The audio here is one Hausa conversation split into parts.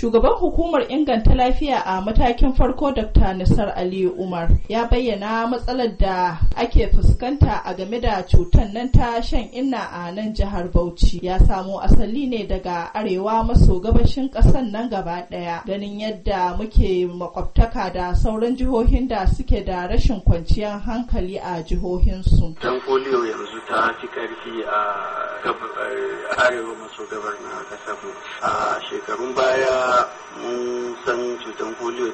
Shugaban hukumar inganta lafiya a matakin farko Dr. Nisar Ali Umar ya bayyana matsalar da ake fuskanta a game da cutar nan ta shan inna a nan jihar Bauchi. Ya samo asali ne daga arewa maso gabashin ƙasan nan gaba ɗaya ganin yadda muke makwabtaka da sauran jihohin da suke da rashin kwanciyar hankali a jihohinsu. arewa maso gabar na ƙasar a shekarun baya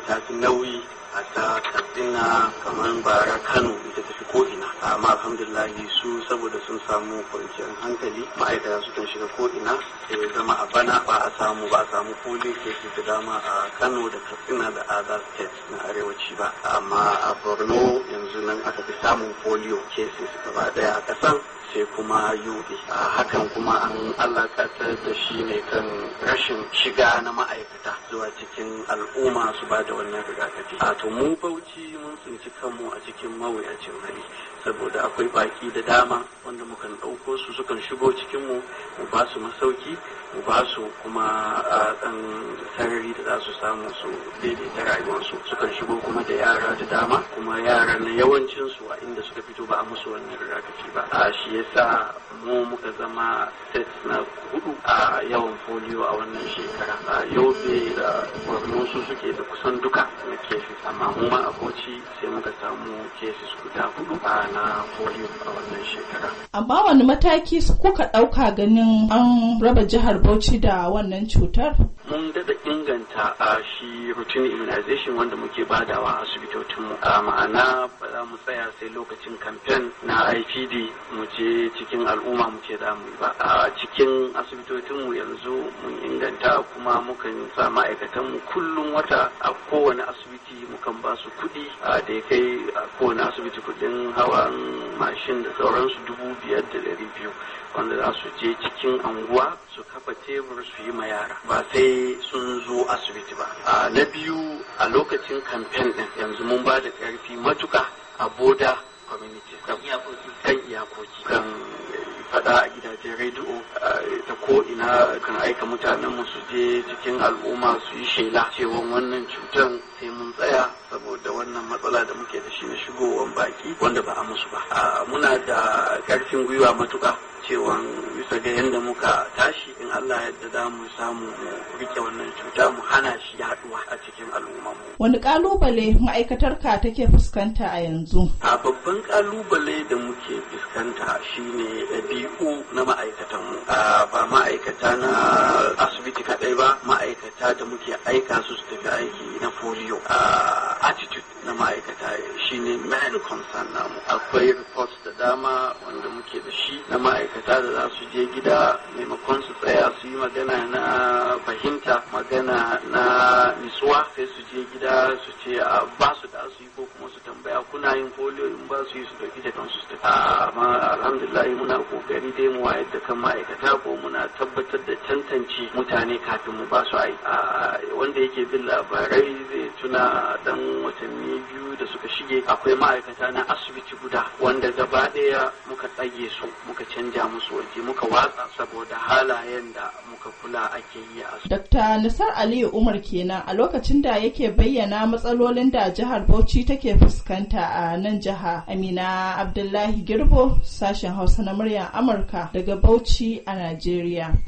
ta fi nauyi a ta katsina kamar bara kano ita ta fi ko'ina amma alhamdulillahi su saboda sun samu kwanciyar hankali ma'aikata su kan shiga ko'ina da eh, ya zama a bana ba a samu ba a samu koli ke da dama a kano da katsina da other states na arewaci ba amma a borno yanzu nan aka fi samun polio cases gaba daya a kasan sai kuma yuri a hakan kuma an alakatar da shi ne kan rashin shiga na ma'aikata zuwa cikin al'umma su ba da wannan rigakafi a to mu bauchi mun tsinci kanmu a cikin mawuyacin hali saboda akwai baki da dama wanda mukan ɗauko su sukan shigo cikinmu mu ba su masauki mu ba su kuma ɗan sarari da za su samu su daidaita rayuwarsu sukan shigo kuma da yara da dama kuma yara na yawancinsu a inda suka fito ba a musu wannan rigakafi ba a shi yasa mu muka zama set na hudu a yawan foliyo a wannan shekara a yobe da borno su suke da kusan duka na kefi amma mu ma a koci sai muka samu kesis guda hudu a na A polio a shekara. Amma wani mataki su kuka ɗauka ganin an raba jihar Bauchi da wannan cutar? Mun dada inganta a shi routine immunization wanda muke badawa a asibitocinmu. A ma'ana ba za mu tsaya sai lokacin kamfen na IPD mu je cikin al'umma mu ce za mu ba. A cikin asibitocinmu yanzu mun inganta kuma mukan sa ma'aikatanmu kullum wata a kowane asibiti mukan ba su kuɗi da ya kai kowane asibiti kuɗin hawa mashin da sauransu dubu biyar da dari biyu wanda za su je cikin anguwa su kafa tebur su yi ma yara ba sai sun zo asibiti ba na biyu a lokacin kamfen ɗin yanzu mun ba da karfi matuka a boda community kan iyakoki faɗa a gidajen rediyo eh, ta ko ina kan aika mutanen mu su je cikin al'umma su yi shela cewa wannan cutar sai mun tsaya saboda wannan matsala da muke da shi na shigowar baki wanda ba a musu ba ah, muna da ƙarfin gwiwa matuƙa cewa bisa ga yadda muka tashi in Allah yadda za mu samu rike wannan cuta mu hana shi yaduwa a cikin al'umma wani kalubale ma'aikatar ka take fuskanta a yanzu a babban kalubale da muke fuskanta shine ɗabi'u na ma'aikatan mu ba ma'aikata na asibiti kaɗai ba ma'aikata da muke aika su su tafi aiki na foliyo. a shine main concern namu akwai report da dama wanda muke da shi na ma'aikata da za su je gida maimakon su tsaya su yi magana na fahimta magana na nisuwa sai su je gida su ce a ba su da muna yin folio in ba su yi su dauki jakan su su amma alhamdulillah muna kokari dai mu wayar da kan ma'aikata ko muna tabbatar da tantance mutane kafin mu ba su aiki wanda yake bin labarai zai tuna dan watanni biyu da suka shige akwai ma'aikata na asibiti guda wanda gaba ɗaya muka tsage su muka canja musu waje muka watsa saboda halayen da muka kula ake yi a su. Dr. nasar Aliyu Umar kenan a lokacin da yake bayyana matsalolin da jihar Bauchi take fuskanta a nan jiha Amina Abdullahi Girbo sashen Hausa na muryar Amurka daga Bauchi a Najeriya.